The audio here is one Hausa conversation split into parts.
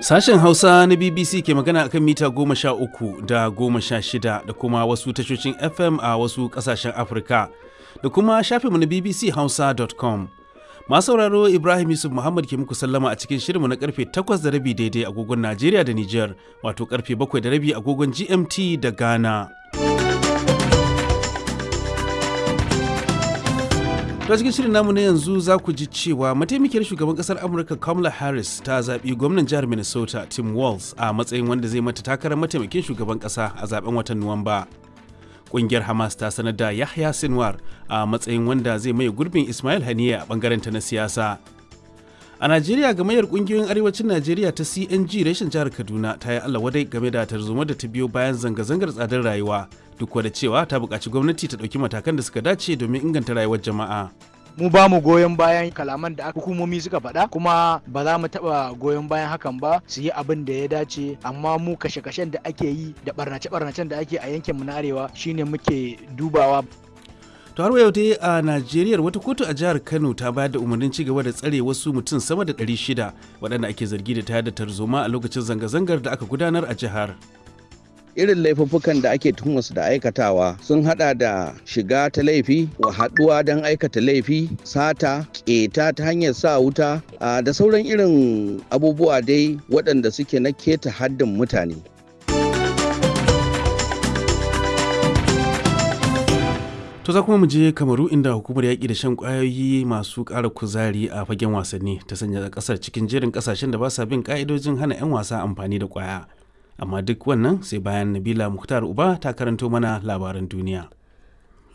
Sashen Hausa na BBC ke magana akan mita goma sha uku da goma sha shida da kuma wasu tashoshin FM a wasu ƙasashen Afirka da kuma shafinmu na com Masu sauraro Ibrahim Yusuf Muhammad ke muku sallama a cikin shirinmu na karfe 8 da rabi daidai agogon Najeriya da Nijar wato karfe 7 da rabi agogon GMT da Ghana. ta cikin shirin namu na yanzu za ku ji cewa mataimakiyar shugaban kasar amurka kamala harris ta zaɓi gwamnan jihar minnesota tim walz a matsayin wanda zai mata takarar mataimakin shugaban kasa a zaben watan nuwamba ƙungiyar hamas ta sanar da yahya sinwar a matsayin wanda zai maye gurbin ismail haniya a bangaren ta na siyasa a najeriya gamayyar ƙungiyoyin arewacin najeriya ta cng reshen jihar kaduna ta yi allah wadai game da tarzoma da ta biyo bayan zanga-zangar tsadar rayuwa duk da cewa ta buƙaci gwamnati ta ɗauki matakan da suka dace domin inganta rayuwar jama'a. mu ba mu goyon bayan kalaman da hukumomi suka faɗa kuma ba za mu taɓa goyon bayan hakan ba su yi abin da ya dace amma mu kashe-kashen da ake yi da barnace-barnacen da ake a yankin mu na arewa shine muke dubawa to har yau dai a najeriya wata kotu a jihar kano ta bayar da umarnin ci gaba da tsare wasu mutum sama da shida waɗanda ake zargi da tayar da tarzoma a lokacin zanga-zangar da aka gudanar a jihar. irin laifuffukan da ake tuhumarsu da aikatawa sun hada da shiga ta laifi wa haduwa don aikata laifi sata keta ta hanyar sa wuta da sauran irin abubuwa dai waɗanda suke na keta haddin mutane To za kuma mu je Kamaru inda hukumar yaƙi da shan ƙwayoyi masu ƙara kuzari a fagen wasanni ta sanya ƙasar cikin jerin ƙasashen da ba sa bin ƙa'idojin hana 'yan wasa amfani da ƙwaya. amma duk wannan sai bayan nabila muhtar uba ta karanto mana labaran duniya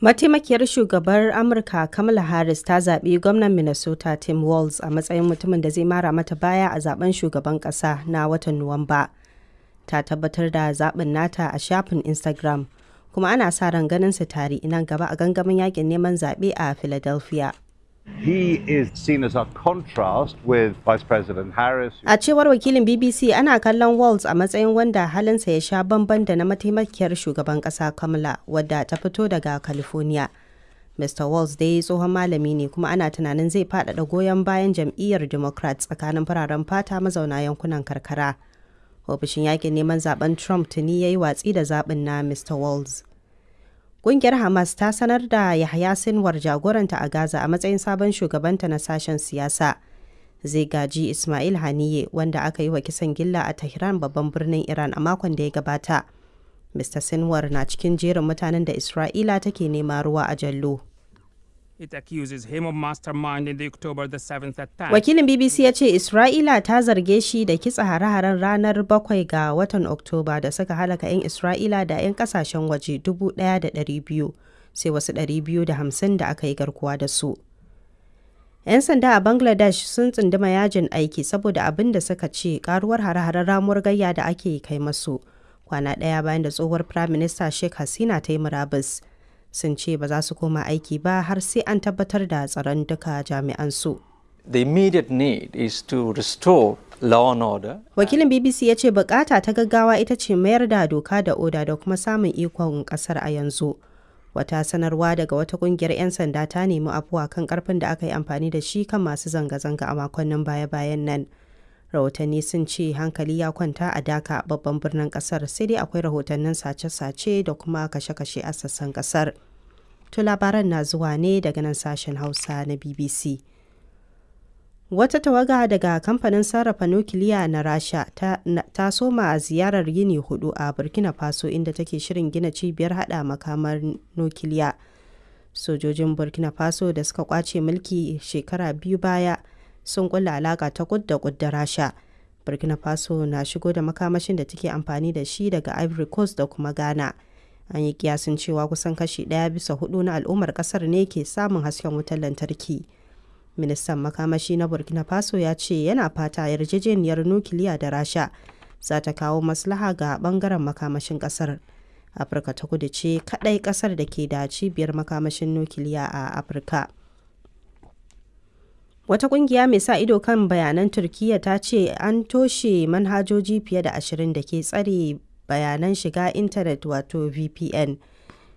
mataimakiyar shugabar amurka kamala harris ta zaɓi gwamnan minnesota tim walz a matsayin mutumin da zai mara mata baya a zaben shugaban ƙasa na watan nuwamba ta tabbatar da zaɓin nata a shafin instagram kuma ana sa ran ganin su tare nan gaba a gangamin yakin neman zaɓe a philadelphia He is seen a contrast with Vice Harris. A cewar wakilin BBC ana kallon Walz a matsayin wanda halinsa ya sha bamban da na mataimakiyar shugaban kasa Kamala wadda ta fito daga California. Mr. Walz dai tsohon malami ne kuma ana tunanin zai faɗaɗa goyon bayan jam'iyyar democrats tsakanin fararen fata mazauna yankunan karkara. Ofishin yakin neman zaben Trump tuni ya yi watsi da zaɓin na Mr. Walz. Ƙungiyar Hamas ta sanar da Yahya Sinwar jagoranta a Gaza a matsayin sabon shugabanta na sashen siyasa. Zai gaji Ismail Haniye wanda aka yi wa kisan gilla a Tehran babban birnin Iran a makon da ya gabata. Mr. Sinwar na cikin jerin mutanen da Isra'ila take nema ruwa a jallo. Wakilin BBC ya ce Isra'ila ta zarge shi da kitsa hare-haren ranar 7 ga watan Oktoba da suka halaka 'yan Isra'ila da 'yan kasashen waje 1,200 sai wasu 250 da aka yi garkuwa da su. 'Yan sanda a Bangladesh sun tsunduma yajin aiki saboda abin da suka ce karuwar hare-haren ramuwar gayya da ake kai masu kwana ɗaya bayan da tsohuwar Firaminista Sheikh Hasina ta yi murabus. sun ce ba za su koma aiki ba har sai an tabbatar da tsaron duka jami'an su. The immediate need is to restore law and order. Wakilin BBC ya ce bukata ta gaggawa ita ce mayar da doka da oda da kuma samun ikon kasar a yanzu. Wata sanarwa daga wata kungiyar 'yan sanda ta nemi afuwa kan karfin da aka yi amfani da shi kan masu zanga-zanga a makonnin baya-bayan nan. rahotanni sun ce hankali ya kwanta a daka babban birnin kasar sai dai akwai rahotannin sace-sace da kuma kashe-kashe a sassan kasar to labaran na zuwa ne daga nan sashen hausa na bbc wata tawaga daga kamfanin sarrafa nukiliya na rasha ta, soma ta soma ziyarar yini hudu a burkina faso inda take shirin gina cibiyar hada makamar nukiliya sojojin burkina faso da suka kwace mulki shekara biyu baya sun kulla alaka ta kud da kud da rasha burkina faso na shigo da makamashin da take amfani da shi daga ivory coast da kuma ghana an yi kiyasin cewa kusan kashi ɗaya bisa hudu na al'ummar kasar ne ke samun hasken wutar lantarki ministan makamashi na burkina faso ya ce yana fata yarjejeniyar nukiliya da rasha za ta kawo maslaha ga bangaren makamashin kasar afirka ta kudu ce kadai kasar da ke da cibiyar makamashin nukiliya a afirka Wata kungiya mai sa ido kan bayanan Turkiyya ta ce an toshe manhajoji fiye da ashirin da ke tsare bayanan shiga intanet wato VPN,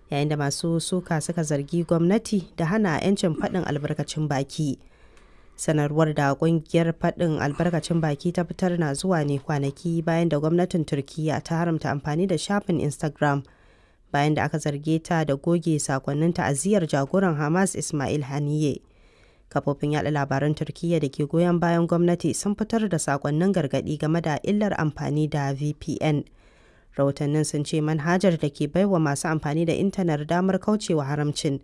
yayin da masu suka suka zargi gwamnati da hana 'yancin faɗin albarkacin baki. Sanarwar da kungiyar faɗin albarkacin baki ta fitar na zuwa ne kwanaki bayan da gwamnatin Turkiyya ta haramta amfani da shafin Instagram bayan da aka zarge ta da goge sakonnin ta'aziyar jagoran Hamas Ismail Haniyeh. Kafofin yada labaran Turkiyya da ke goyon bayan gwamnati sun fitar da sakonnin gargadi game da illar amfani da VPN. Rahotannin sun ce manhajar da ke baiwa masu amfani da intanet damar kaucewa haramcin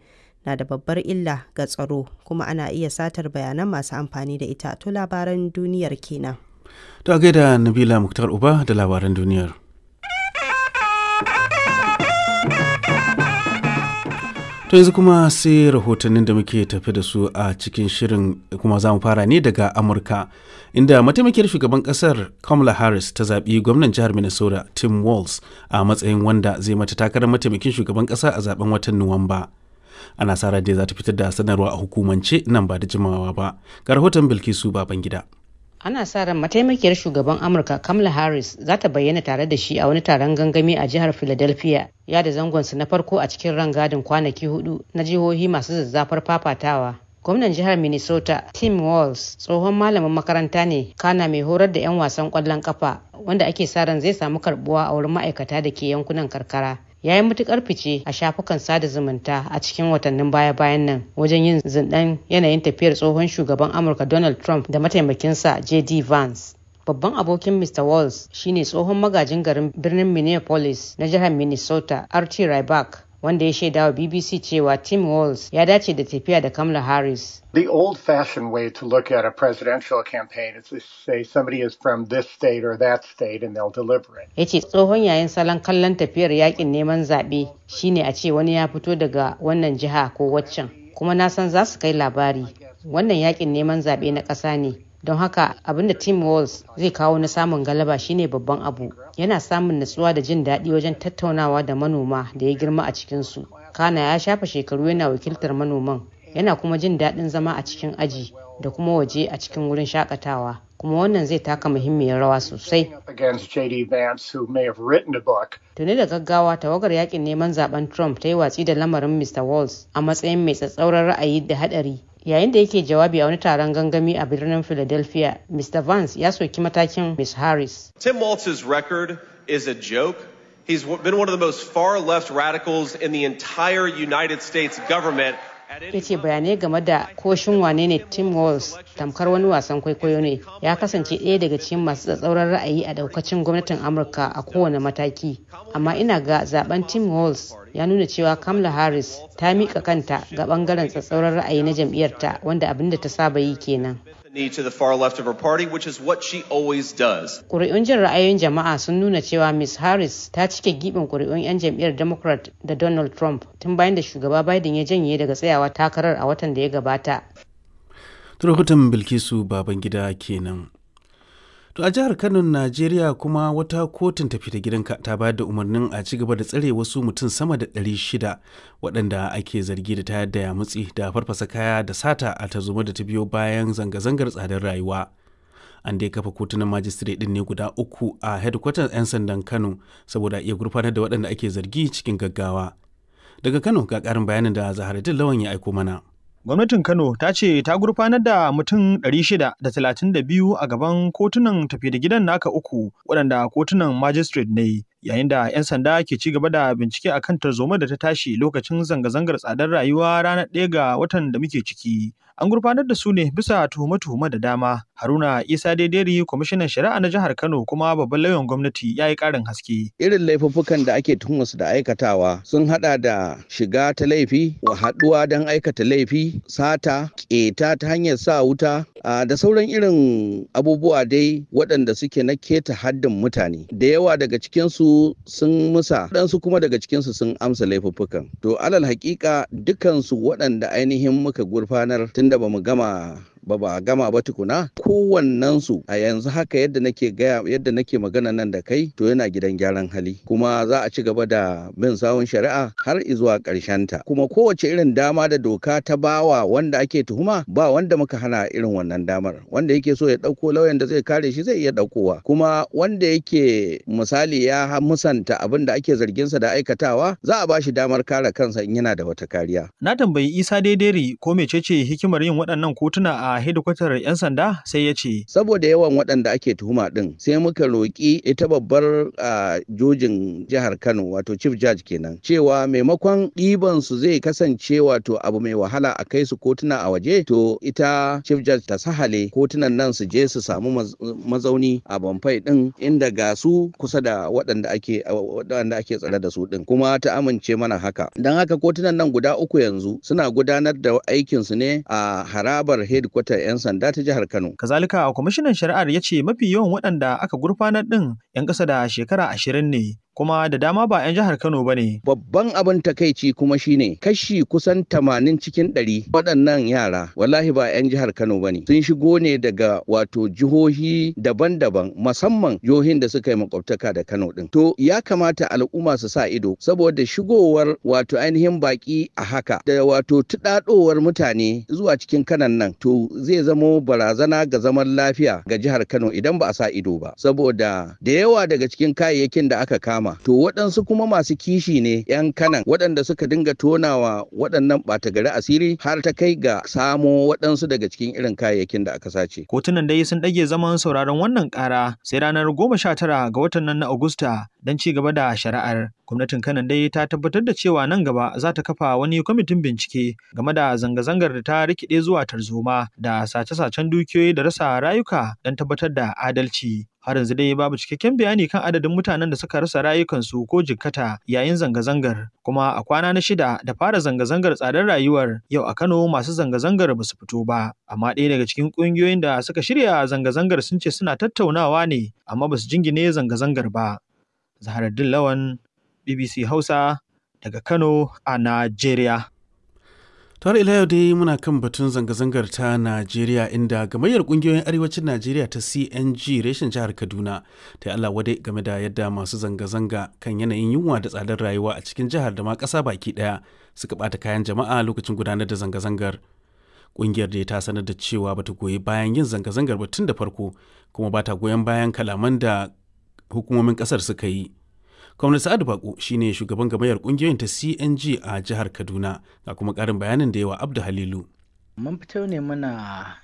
na da babbar illa ga tsaro kuma ana iya satar bayanan masu amfani da ita to labaran duniyar kenan. Ta gaida Nabila Muktar Uba da labaran duniyar. To yanzu kuma sai rahotannin da muke tafi da su a cikin shirin kuma za mu fara ne daga Amurka, inda mataimakiyar shugaban kasar Kamala Harris ta zaɓi gwamnan jihar Minnesota Tim Walz a matsayin wanda zai mata takarar mataimakin shugaban kasa a zaben watan Nuwamba. Ana sa dai za ta fitar da sanarwa a hukumance nan ba da jimawa ba. Ga rahoton Bilkisu Babangida. gida. ana sa ran mataimakiyar shugaban amurka kamala harris za ta bayyana tare da shi a wani taron gangami a jihar philadelphia ya da zangonsu na farko a cikin ran gadin kwanaki hudu na jihohi masu zazzafar fafatawa gwamnan jihar minnesota tim walls tsohon malamin makaranta ne kana mai horar da 'yan wasan kwallon kafa wanda ake sa ran zai samu karbuwa a wurin ma'aikata da ke yankunan karkara ya yi matukar fice a shafukan sada zumunta a cikin watannin baya-bayan nan wajen yin zindan yanayin tafiyar tsohon shugaban amurka donald trump da mataimakinsa jd vance babban abokin mr walls shine tsohon magajin garin birnin minneapolis na jihar minnesota rt ryback wanda ya shaida wa BBC cewa Tim Walz ya dace da tafiya da Kamala Harris. The old fashioned way to look at a presidential campaign is to say somebody is from this state or that state and they'll deliver it. Yace tsohon yayin salon kallon tafiyar yakin neman zaɓe shine a ce wani ya fito daga wannan jiha ko waccan. Kuma na san za su kai labari. Wannan yakin neman zaɓe na ƙasa ne. don haka abin da tim walls zai kawo na samun galaba shine babban abu yana samun natsuwa da jin daɗi wajen tattaunawa da manoma da ya girma a cikinsu kana ya shafa shekaru yana wakiltar manoman yana kuma jin daɗin zama a cikin aji da kuma waje a cikin wurin shakatawa kuma wannan zai taka muhimmiyar rawa sosai. Tuni da gaggawa tawagar yakin neman zaben Trump ta yi watsi da lamarin Mr. Walls a matsayin mai tsatsauran ra'ayi da hadari yayin da yake jawabi a wani taron gangami a birnin philadelphia mr vance ya soki matakin miss harris tim Walz's record is a joke he's been one of the most far left radicals in the entire united states government ya ce bayanai game da koshin wane ne tim walls tamkar wani wasan kwaikwayo ne ya kasance ɗaya daga cikin masu tsatsauran ra'ayi a daukacin gwamnatin amurka a kowane mataki amma ina ga zaben tim walls ya nuna cewa Kamla harris ta miƙa kanta ga ɓangaren tsatsauran ra'ayi na jam'iyyarta wanda abin da ta saba yi kenan to the far left of her party, which is what she always does. kuri'un jin ra'ayoyin jama'a sun nuna cewa Ms. Harris ta cike giɓin kuri'un 'yan jam'iyyar Democrat da Donald Trump tun bayan da shugaba Biden ya janye daga tsayawa takarar a watan da ya gabata. Rahoton Bilkisu Babangida kenan. To a jihar Kano, Najeriya kuma wata kotun tafi da gidanka ta bayar da umarnin a ci gaba da tsare wasu mutum sama da ɗari shida waɗanda ake zargi da tayar da yamutsi da farfasa kaya da sata a tarzoma da ta biyo bayan zanga-zangar tsadar rayuwa. An dai kafa kotunan majistire ɗin ne guda uku a hedkwatar 'yan sandan Kano saboda iya gurfanar da waɗanda ake zargi cikin gaggawa. Daga Kano ga ƙarin bayanin da Zaharaddin Lawan ya aiko mana. Gwamnatin Kano ta ce ta gurfanar da mutum 632 a gaban kotunan tafi da gidan naka uku waɗanda kotunan magistrate ne yayin da 'yan sanda ke ci gaba da bincike a akan tarzoma da ta tashi lokacin zanga-zangar tsadar rayuwa ranar 1 ga watan da muke ciki. an gurfanar da su ne bisa tuhume-tuhume da dama. Haruna Isa Daideri kwamishinan shari'a na jihar Kano kuma babban lauyan gwamnati ya yi karin haske. Irin laifuffukan da ake tuhumarsu da aikatawa sun haɗa da shiga ta laifi, wa haɗuwa don aikata laifi, sata, ƙeta ta hanyar sa wuta, da sauran irin abubuwa dai waɗanda suke na keta haddin mutane. Da yawa daga cikinsu sun musa, waɗansu kuma daga cikinsu sun amsa laifuffukan. To alal haƙiƙa dukansu waɗanda ainihin muka gurfanar tunda ba mu gama ba ba gama ba tukuna kowannen su a yanzu haka yadda nake gaya yadda nake magana nan da kai to yana gidan gyaran hali kuma za a ci gaba da bin sawun shari'a har izuwa karshen ta kuma kowace irin dama da doka ta bawa wanda ake tuhuma ba wanda muka hana irin wannan damar wanda yake so ya dauko lauyan da zai kare shi zai iya daukowa. kuma wanda yake misali ya musanta abin da ake zarginsa da aikatawa za a ba shi damar kare kansa in yana da wata kariya. Na tambayi Isa daidairi ko mecece hikimar yin waɗannan kotuna a a hedikwatar 'yan sanda sai ya ce. Saboda yawan waɗanda ake tuhuma ɗin sai muka roƙi ita babbar a jojin jihar Kano wato chief judge kenan cewa maimakon ɗiban su zai kasance wato abu mai wahala a kai su kotuna a waje to ita chief judge ta sahale kotunan nan su je su samu mazauni a Bamfai ɗin inda ga su kusa da waɗanda ake waɗanda ake tsare da su ɗin kuma ta amince mana haka. Don haka kotunan nan guda uku yanzu suna gudanar da aikinsu ne a harabar headquarter hedikwatar 'yan sanda ta jihar Kano. Kazalika, kwamishinan shari'ar ya ce mafi yawan waɗanda aka gurfanar ɗin 'yan ƙasa da shekara ashirin ne kuma da dama ba 'yan jihar Kano ba ne. Babban abin takaici kuma shine kashi kusan tamanin cikin ɗari waɗannan yara wallahi ba 'yan jihar Kano ba ne. Sun shigo ne daga wato jihohi daban-daban musamman jihohin da suka yi makwabtaka da Kano ɗin. To ya kamata al'umma su sa ido saboda shigowar wato ainihin baƙi a haka da wato tuɗaɗowar mutane zuwa cikin kanan nan to zai zamo barazana ga zaman lafiya ga jihar Kano idan ba a sa ido ba saboda da yawa daga cikin kayayyakin da aka kama sama to waɗansu kuma masu kishi ne 'yan kanan waɗanda suka dinga tonawa waɗannan ɓata gari asiri har ta kai ga samo waɗansu daga cikin irin kayayyakin da aka sace kotunan dai sun ɗage zaman sauraron wannan ƙara sai ranar goma sha tara ga watan nan na agusta don ci gaba da shari'ar gwamnatin kanan dai ta tabbatar da cewa nan gaba za ta kafa wani kwamitin bincike game da zanga-zangar da ta rikide zuwa tarzoma da sace-sacen dukiyoyi da rasa rayuka don tabbatar da adalci Har yanzu dai babu cikakken bayani kan adadin mutanen da suka rasa rayukansu ko jikkata yayin zanga-zangar. Kuma a kwana na shida da fara zanga-zangar tsadar rayuwar yau a Kano masu zanga-zangar ba su fito ba. Amma ɗaya daga cikin ƙungiyoyin da suka shirya zanga-zangar sun ce suna tattaunawa ne amma ba su jingine zanga-zangar ba. Zaharaddin Lawan, BBC Hausa, daga Kano a Najeriya. Tare ila yau dai muna kan batun zanga-zangar ta Najeriya inda gamayyar kungiyoyin arewacin Najeriya ta CNG reshen jihar Kaduna ta Allah wadai game da yadda masu zanga-zanga kan yanayin yunwa da tsadar rayuwa a cikin jihar da ma kasa baki ɗaya suka bata kayan jama'a lokacin gudanar da zanga-zangar. Kungiyar da ta sanar da cewa bata goyi bayan yin zanga-zangar batun da farko kuma bata goyon bayan kalaman da hukumomin ƙasar suka yi. Kwamnan Sa'adu Bako shine shugaban gamayar kungiyoyin ta CNG a jihar Kaduna, ga kuma ƙarin bayanin da yawa Abdu mun fito ne muna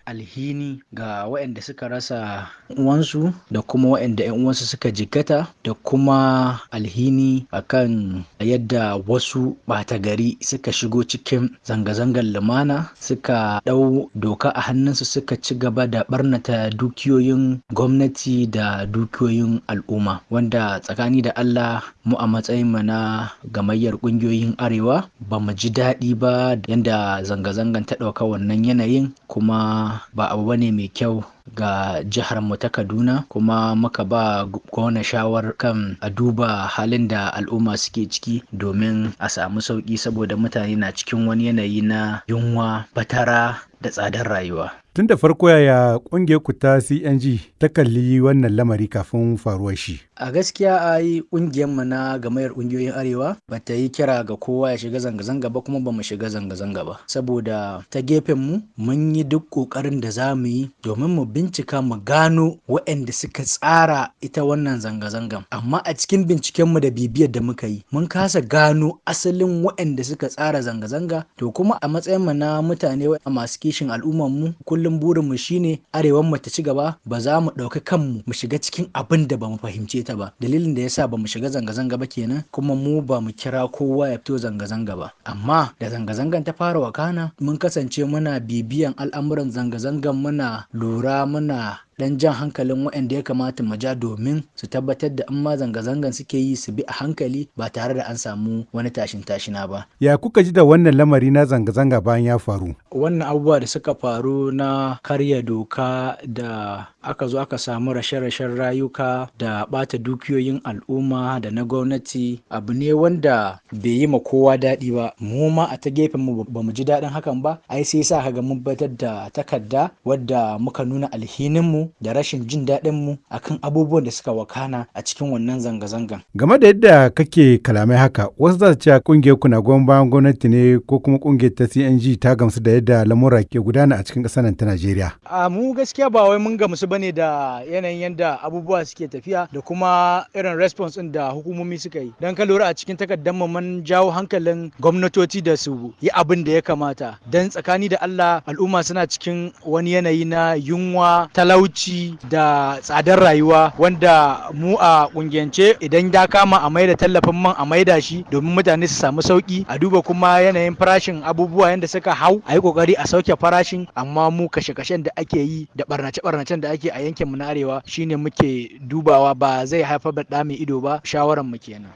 alhini ga waɗanda suka rasa uwansu da kuma waɗanda 'yan uwansu suka jikkata da kuma alhini akan yadda wasu ɓata gari suka shigo cikin zanga-zangar lumana suka ɗau doka a hannunsu suka ci gaba da ɓarnata dukiyoyin gwamnati da dukiyoyin al'umma wanda tsakani da allah mu a matsayin mu na gamayyar ƙungiyoyin arewa ba mu ji daɗi ba yadda zanga-zangan ta ɗauka wannan yanayin kuma ba abu bane mai kyau ga jihar mu ta Kaduna kuma muka ba gwamna shawar kan a duba halin da al'umma suke ciki domin a samu sauki saboda mutane na cikin wani yanayi na yunwa batara da tsadar rayuwa. Tun da farko yaya ƙungiyar ku ta CNG ta kalli wannan lamari kafin faruwar shi. a gaskiya a yi mu na gamayar ƙungiyoyin arewa ba ta yi kira ga kowa ya shiga zanga-zanga ba kuma ba mu shiga zanga-zanga ba saboda ta gefen mu mun yi duk ƙoƙarin da za mu yi domin mu bincika mu gano waɗanda suka tsara ita wannan zanga zanga amma a cikin binciken mu da bibiyar da muka yi mun kasa gano asalin waɗanda suka tsara zanga-zanga to kuma a matsayin mu na mutane a masu kishin al'ummar mu kullum burin mu shine arewan mu ta ci gaba ba za mu ɗauki kanmu mu shiga cikin abin da ba mu fahimce ta ta ba dalilin da yasa bamu shiga zanga-zanga ba kenan kuma mu ba mu kira kowa ya fito zanga-zanga ba amma da zanga-zangan ta fara wakana mun kasance muna bibiyan al'amuran zanga-zangan muna lura muna don jan hankalin waɗanda ya kamata mu ja domin su tabbatar da in ma zanga-zangan suke yi su bi a hankali ba tare da an samu wani tashin tashina ba. Ya kuka ji da wannan lamari na zanga-zanga bayan ya faru? Wannan abubuwa da suka faru na karya doka da aka zo aka samu rashe-rashen rayuka da ɓata dukiyoyin al'umma da na gwamnati abu ne wanda bai yi ma kowa daɗi ba mu ma a ta gefen mu ba mu ji daɗin hakan ba ai sai sa ka ga mun batar da takarda wadda muka nuna alhinin mu da rashin jin daɗin mu akan abubuwan da suka wakana a cikin wannan zanga-zangan. Game da yadda kake kalamai haka, wasu za su ce kungiyar ku na goyon bayan gwamnati ne ko kuma kungiyar ta CNG ta gamsu da yadda lamura ke gudana a cikin ƙasar ta Najeriya. A mu gaskiya ba wai mun gamsu bane da yanayin yadda abubuwa suke tafiya da kuma irin response ɗin da hukumomi suka yi. Dan ka lura a cikin takardar mu mun jawo hankalin gwamnatoci da su yi abin da ya kamata. Dan tsakani da Allah al'umma suna cikin wani yanayi na yunwa talauci talauci da tsadar rayuwa wanda mu a kungiyance idan da kama a maida tallafin man a maida shi domin mutane su samu sauki a duba kuma yanayin farashin abubuwa yanda suka hau a yi kokari a sauke farashin amma mu kashe-kashen da ake yi da barnace-barnacen da ake a yankin mu na arewa shine muke dubawa ba zai haifar da mai ido ba shawaran mu kenan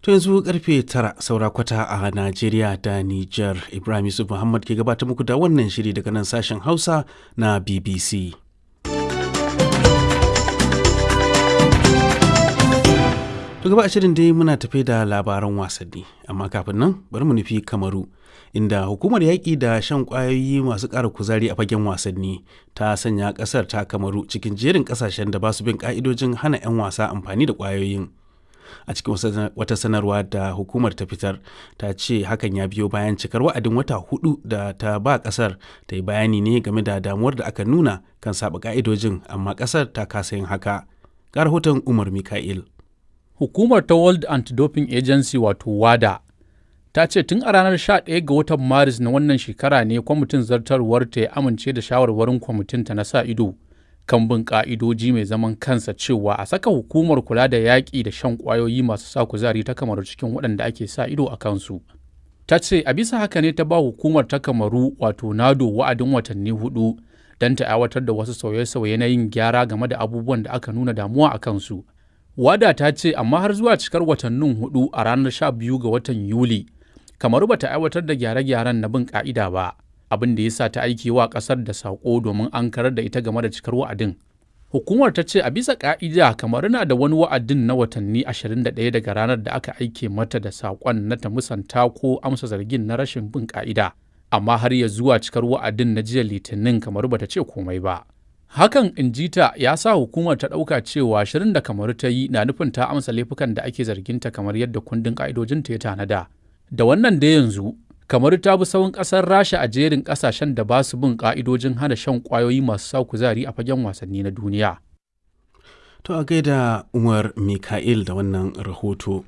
To yanzu karfe tara saura kwata a Najeriya da Nijar Ibrahim Yusuf Muhammad ke gabatar muku da wannan shiri daga nan sashen Hausa na BBC. To gaba shirin dai muna tafe da labaran wasanni, amma kafin nan bari mu nufi Kamaru, inda hukumar yaƙi da shan ƙwayoyi masu ƙara kuzari a fagen wasanni ta sanya ƙasar ta Kamaru cikin jerin ƙasashen da ba su bin ƙa'idojin hana 'yan wasa amfani da ƙwayoyin. A cikin wata sanarwa da hukumar ta fitar ta ce hakan ya biyo bayan cikar wa'adin wata hudu da ta ba ƙasar ta yi bayani ne game da damuwar da aka nuna kan saba ƙa'idojin amma ƙasar ta kasa yin haka. Ga rahoton Umar Mika'il. Hukumar ta World Anti-Doping Agency wato WADA ta ce tun a ranar 11 ga watan Maris na wannan shekara ne kwamitin zartarwar ta ya amince da shawarwarin kwamitin ta na sa ido kan bin ka'idoji mai zaman kansa cewa a saka hukumar kula da yaƙi da shan kwayoyi masu sa kuzari ta kamaru cikin waɗanda ake sa ido a kansu. Ta ce a bisa haka ne ta ba hukumar ta kamaru wato nado wa'adin watanni hudu don ta aiwatar da wasu sauye-sauye na yin gyara game da abubuwan da aka nuna damuwa a kansu. wada ta ce amma har zuwa cikar watannin hudu a ranar 12 ga watan yuli kamaru bata aiwatar da gyare-gyaren na bin ka'ida ba abin da ya sa ta aiki wa kasar da sako domin an karar da ita game da cikar wa'adin hukumar ta ce a bisa ka'ida kamaru na da wani wa'adin na watanni 21 daga ranar da aka aike mata da saƙon na ta musanta ko amsa zargin na rashin bin ka'ida amma har ya zuwa cikar wa'adin na jiya litinin kamaru ta ce komai ba Hakan injita ya sa hukumar ta ɗauka cewa shirin da Kamaru ta yi na nufin ta amsa laifukan da ake zarginta kamar yadda kundin ta ya tanada. Da wannan da yanzu, Kamaru ta bi sawun ƙasar Rasha a jerin ƙasashen da ba su bin ƙa'idojin hana shan kwayoyi masu sa kuzari a fagen wasanni na duniya. To a gaida Umar Mika'il da wannan rahoto.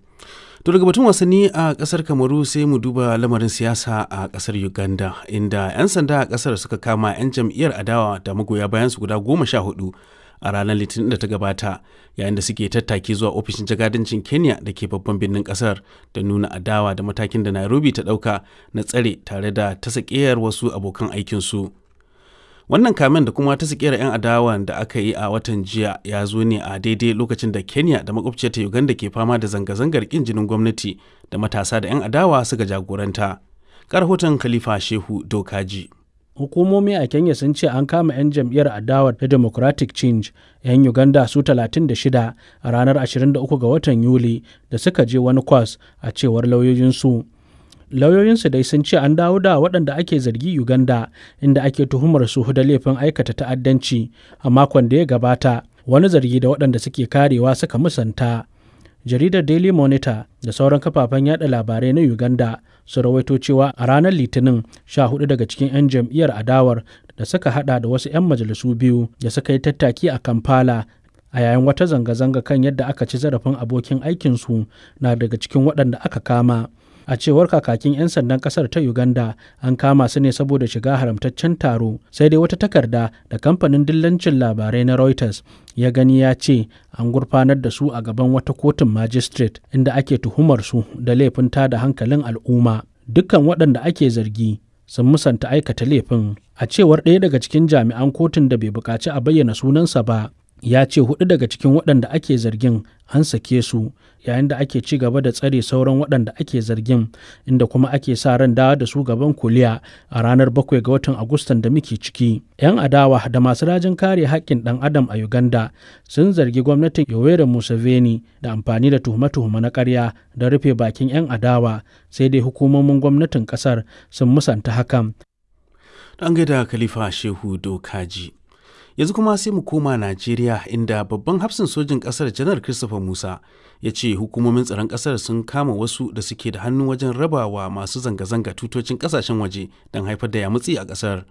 To daga batun wasanni a kasar Kamaru sai mu duba lamarin siyasa a kasar Uganda inda 'yan sanda a kasar suka kama 'yan jam'iyyar adawa da magoya bayan su guda goma sha hudu a ranar litinin da ta gabata yayin da suke tattaki zuwa ofishin jagadancin Kenya da ke babban birnin kasar da nuna adawa da matakin da Nairobi ta dauka na tsare tare da tasakiyar wasu abokan aikinsu. Wannan kamen da kuma ta sikera 'yan adawan da aka yi a watan jiya ya zo ne a daidai lokacin da Kenya da makwabciyarta Uganda ke fama da zanga-zangar ƙin jinin gwamnati da matasa da 'yan adawa suka jagoranta. Karhoton Khalifa Shehu Dokaji. Hukumomi a Kenya sun ce an kama 'yan jam'iyyar adawa ta Democratic Change 'yan Uganda su 36 a ranar 23 ga watan Yuli da suka je wani kwas a cewar lauyoyinsu. su. lauyoyinsu dai sun ce an dawo da waɗanda ake zargi uganda inda ake tuhumar su da laifin aikata ta'addanci a makon da ya gabata wani zargi da waɗanda suke karewa suka musanta jaridar daily monitor da sauran kafafen yada labarai na uganda su rawaito cewa a ranar litinin 14 daga cikin 'yan jam'iyyar adawar da suka hada da wasu 'yan majalisu biyu da suka yi tattaki a kampala a yayin wata zanga-zanga kan yadda aka ci zarafin abokin aikinsu na daga cikin waɗanda aka kama a cewar kakakin 'yan sandan kasar ta uganda an kama su ne saboda shiga haramtaccen taro sai dai wata takarda da kamfanin dillancin labarai na reuters ya gani ya ce an gurfanar da su a gaban wata kotun magistrate inda ake tuhumar su da laifin da hankalin al'umma dukkan waɗanda ake zargi sun musanta aikata laifin a cewar ɗaya daga cikin jami'an kotun da bai buƙaci a bayyana sunansa ba ya ce hudu daga cikin waɗanda ake zargin an sake su yayin da ake ci gaba da tsare sauran waɗanda ake zargin inda kuma ake sa ran dawa da su gaban kuliya a ranar bakwai ga watan agustan da muke ciki 'yan adawa da masu rajin kare haƙƙin ɗan adam a uganda sun zargi gwamnatin yoweri museveni da amfani da tuhume-tuhume na ƙarya da rufe bakin 'yan adawa sai dai hukumomin gwamnatin ƙasar sun musanta hakan. Ɗan gaida Khalifa Shehu Dokaji. yanzu kuma sai mu koma najeriya inda babban hafsin sojin kasar janar christopher musa ya ce hukumomin tsaron kasar sun kama wasu da suke da hannu wajen raba wa masu zanga-zanga tutocin kasashen waje don haifar da yamutsi a kasar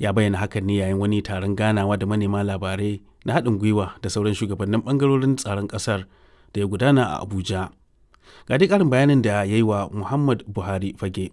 ya bayyana hakan ne yayin wani taron ganawa da manema labarai na haɗin gwiwa da sauran shugabannin ɓangarorin tsaron kasar da ya gudana a abuja ga dai ƙarin bayanin da ya yi wa muhammad buhari fage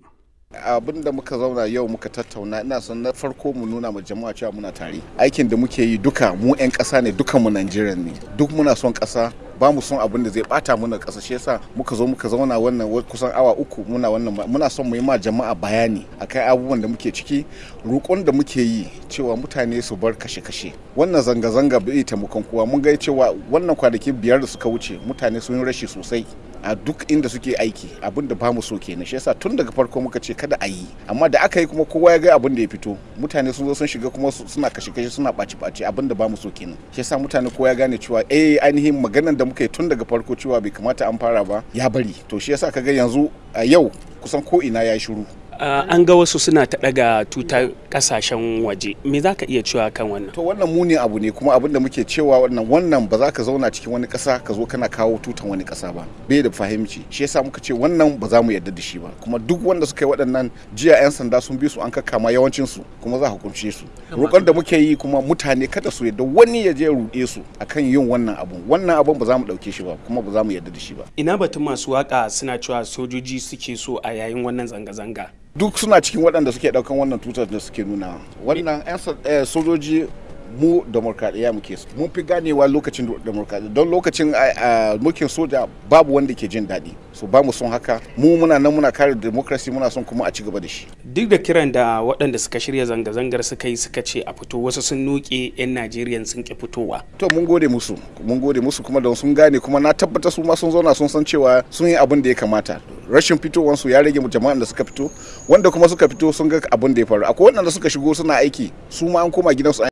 abin da muka zauna yau muka tattauna ina son na farko mu nuna ma jama'a cewa muna tare aikin da muke yi duka mu 'yan ƙasa ne duka mu Najeriya ne duk muna son ƙasa ba mu son abin da zai bata muna ƙasa shi yasa muka zo muka zauna wannan kusan awa uku muna wannan muna son mu yi ma jama'a bayani akan abubuwan da muke ciki roƙon da muke yi cewa mutane su bar kashe-kashe wannan zanga-zanga bai taimakon kowa mun ga cewa wannan kwanaki biyar da suka wuce mutane sun yi rashi sosai a duk inda suke aiki abin da bamu so kenan shi yasa tun daga farko muka ce kada a yi amma da aka yi kuma kowa ya ga abin da ya fito mutane sun zo sun shiga kuma suna kashe kashe suna ɓaci ɓaci abin da bamu so kenan shi yasa mutane kowa ya gane cewa eh ainihin maganar da muka yi tun daga farko cewa bai kamata an fara ba ya bari to shi yasa ga yanzu a yau kusan ko ina ya shiru Uh, an ga wasu suna ta daga tutar kasashen waje me za ka iya cewa kan wannan to wannan muni abu ne kuma abin muke cewa wannan wannan ba za ka zauna cikin wani kasa ka zo kana kawo tutan wani kasa ba bai da fahimci shi yasa muka ce wannan ba za mu yarda da shi ba kuma duk wanda suka yi waɗannan jiya yan sanda sun bi su an ma yawancin su kuma za hukunce su roƙon da muke yi kuma mutane kada su yarda wani ya je ruɗe su akan yin wannan abun wannan abun ba za mu ɗauke shi ba kuma ba za mu yarda da shi ba ina batun masu waka suna cewa sojoji suke so a yayin wannan zanga-zanga duk suna cikin waɗanda suke ɗaukan wannan tutar da suke nuna wannan 'yan eh, eh, sojoji mu demokradiyya muke su mun fi ganewa lokacin demokradiyya don lokacin mulkin soja babu wanda ke jin daɗi so ba mu son haka mu muna nan muna kare demokrasi muna son kuma a ci gaba da shi duk da kiran da waɗanda suka shirya zanga-zangar suka yi suka ce a fito wasu sun nuke 'yan najeriya sun ki fitowa to mun gode musu mun gode musu kuma don sun gane kuma na tabbata su ma sun zauna sun san cewa sun yi abin da ya kamata rashin fitowansu ya rage mu jama'an da suka fito wanda kuma suka fito sun ga abin da ya faru akwai waɗanda suka shigo suna aiki su ma an koma gidansu